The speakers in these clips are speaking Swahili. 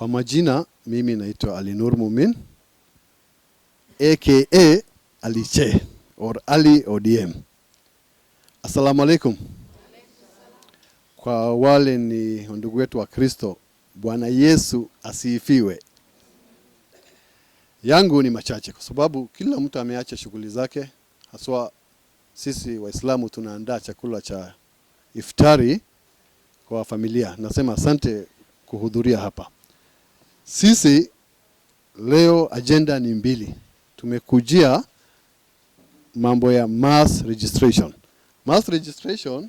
Kwa majina mimi naitwa Alinur Mumin aka Che or Ali ODM. Assalamu alaikum. Kwa wale ni ndugu wetu wa Kristo, Bwana Yesu asifiwe. Yangu ni machache, kwa sababu kila mtu ameacha shughuli zake, haswa sisi Waislamu tunaandaa chakula cha iftari kwa familia. Nasema asante kuhudhuria hapa. Sisi leo ajenda ni mbili, tumekujia mambo ya mass registration. Mass registration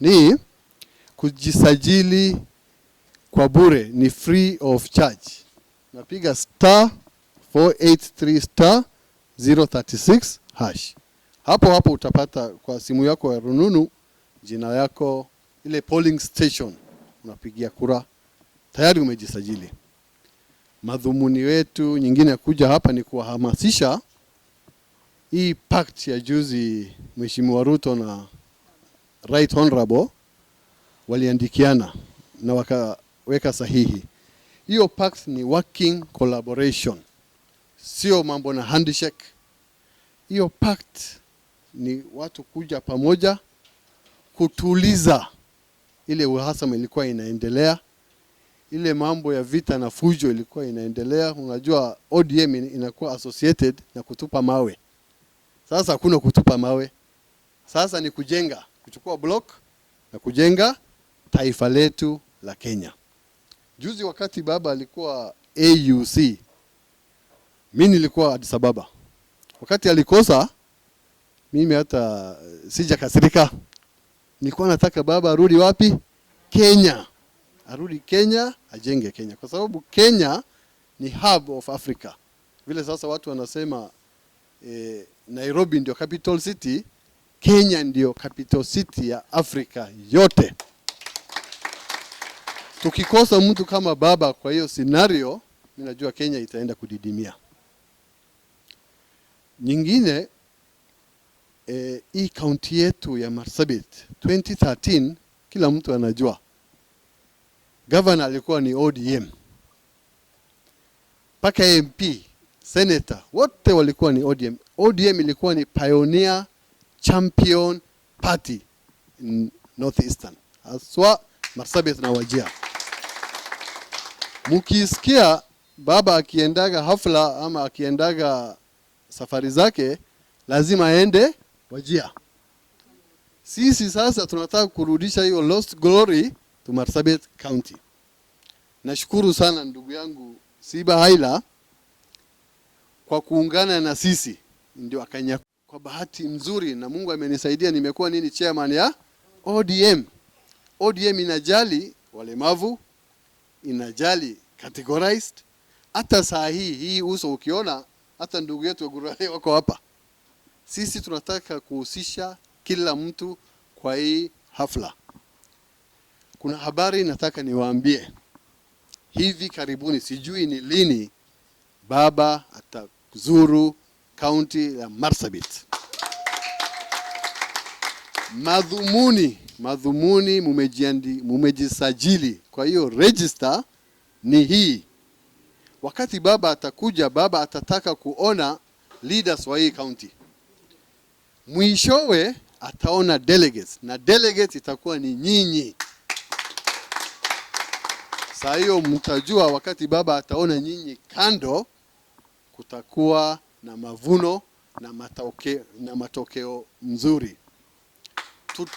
ni kujisajili kwa bure, ni free of charge. Napiga star 483 star 036 hash. Hapo hapo utapata kwa simu yako ya rununu jina yako, ile polling station unapigia kura, tayari umejisajili madhumuni wetu nyingine ya kuja hapa ni kuwahamasisha hii pact ya juzi Mheshimiwa Ruto na Right Honorable waliandikiana na wakaweka sahihi. Hiyo pact ni working collaboration, sio mambo na handshake. Hiyo pact ni watu kuja pamoja kutuliza ile uhasama ilikuwa inaendelea ile mambo ya vita na fujo ilikuwa inaendelea. Unajua ODM inakuwa associated na kutupa mawe. Sasa hakuna kutupa mawe, sasa ni kujenga, kuchukua block na kujenga taifa letu la Kenya. Juzi wakati baba alikuwa AUC, mimi nilikuwa Addis Ababa. Wakati alikosa, mimi hata sijakasirika, nilikuwa nataka baba arudi wapi? Kenya, arudi Kenya ajenge Kenya, kwa sababu Kenya ni hub of Africa. Vile sasa watu wanasema eh, Nairobi ndio capital city, Kenya ndio capital city ya Afrika yote. Tukikosa mtu kama baba kwa hiyo scenario, mimi najua Kenya itaenda kudidimia. Nyingine eh, hii kaunti yetu ya Marsabit 2013 kila mtu anajua governor alikuwa ni ODM mpaka MP senator wote walikuwa ni ODM. ODM ilikuwa ni pioneer champion party in northeastern haswa Marsabit na wajia Mkisikia baba akiendaga hafla ama akiendaga safari zake lazima aende wajia Sisi sasa tunataka kurudisha hiyo lost glory to Marsabit County. Nashukuru sana ndugu yangu Siba Haila kwa kuungana na sisi, ndio akanya. Kwa bahati nzuri na Mungu amenisaidia, nimekuwa nini chairman ya ODM. ODM inajali walemavu, inajali categorized. Hata saa hii hii uso ukiona, hata ndugu yetu Gurale wako hapa. Sisi tunataka kuhusisha kila mtu kwa hii hafla. Kuna habari nataka niwaambie. Hivi karibuni, sijui ni lini, baba atazuru kaunti ya Marsabit. Madhumuni, madhumuni mumejisajili, kwa hiyo register ni hii. Wakati baba atakuja, baba atataka kuona leaders wa hii kaunti, mwishowe ataona delegates na delegates itakuwa ni nyinyi. Saa hiyo mtajua wakati Baba ataona nyinyi kando, kutakuwa na mavuno na matokeo, na matokeo mzuri. Tut,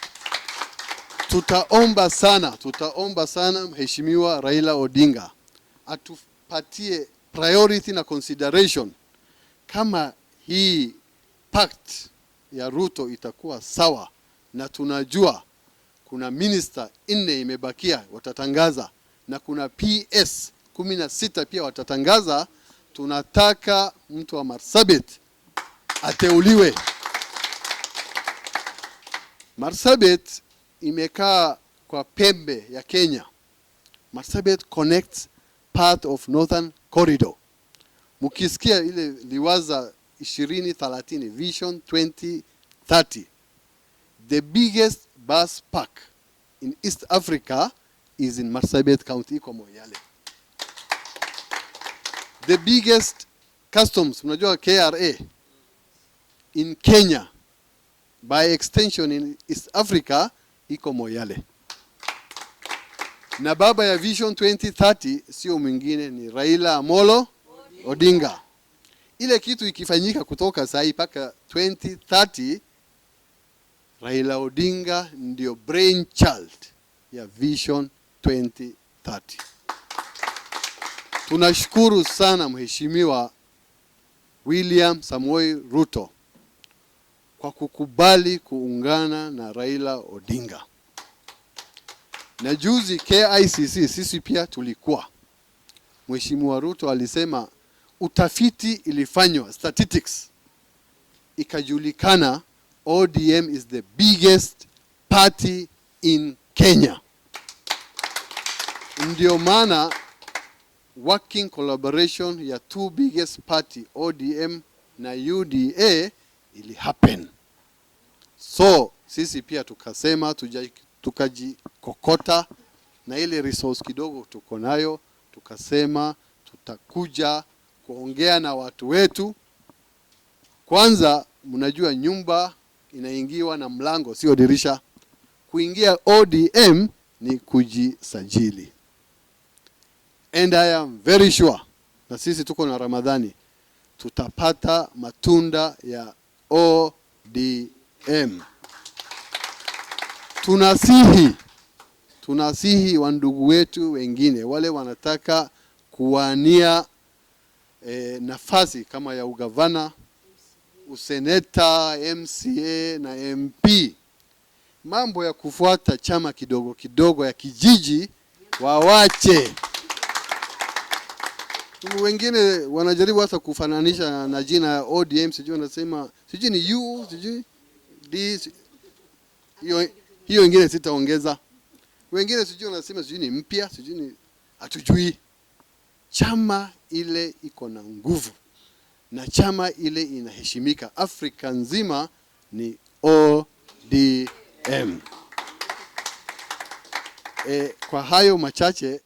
tutaomba sana tutaomba sana Mheshimiwa Raila Odinga atupatie priority na consideration kama hii pact ya Ruto itakuwa sawa, na tunajua kuna minister nne imebakia watatangaza na kuna PS kumi na sita pia watatangaza. Tunataka mtu wa Marsabit ateuliwe. Marsabit imekaa kwa pembe ya Kenya. Marsabit connects part of Northern Corridor. Mkisikia ile Liwaza 2030 Vision 2030, the biggest bus park in East Africa is in Marsabit County, iko Moyale. The biggest customs, unajua KRA in Kenya, by extension in East Africa, iko Moyale. Na baba ya Vision 2030 sio mwingine ni Raila Amolo Odinga. Ile kitu ikifanyika kutoka saa hii mpaka 2030, Raila Odinga ndio brainchild ya Vision 2030. 2030. Tunashukuru sana Mheshimiwa William Samoei Ruto kwa kukubali kuungana na Raila Odinga. Na juzi KICC sisi pia tulikuwa, Mheshimiwa Ruto alisema utafiti ilifanywa, statistics ikajulikana, ODM is the biggest party in Kenya. Ndio maana working collaboration ya two biggest party ODM na UDA ili happen. So sisi pia tukasema tukajikokota na ile resource kidogo tuko nayo, tukasema tutakuja kuongea na watu wetu. Kwanza, mnajua nyumba inaingiwa na mlango, sio dirisha. Kuingia ODM ni kujisajili and I am very sure na sisi tuko na Ramadhani tutapata matunda ya ODM. Tunasihi, tunasihi wandugu wetu wengine wale wanataka kuwania eh, nafasi kama ya ugavana, useneta, MCA na MP, mambo ya kufuata chama kidogo kidogo ya kijiji wawache. Sababu wengine wanajaribu hasa kufananisha na jina ODM, sijui wanasema sijui ni U sijui D, hiyo hiyo ingine sitaongeza. Wengine sijui wanasema sijui ni mpya sijui ni hatujui. Chama ile iko na nguvu na chama ile inaheshimika Afrika nzima ni ODM. E, eh, kwa hayo machache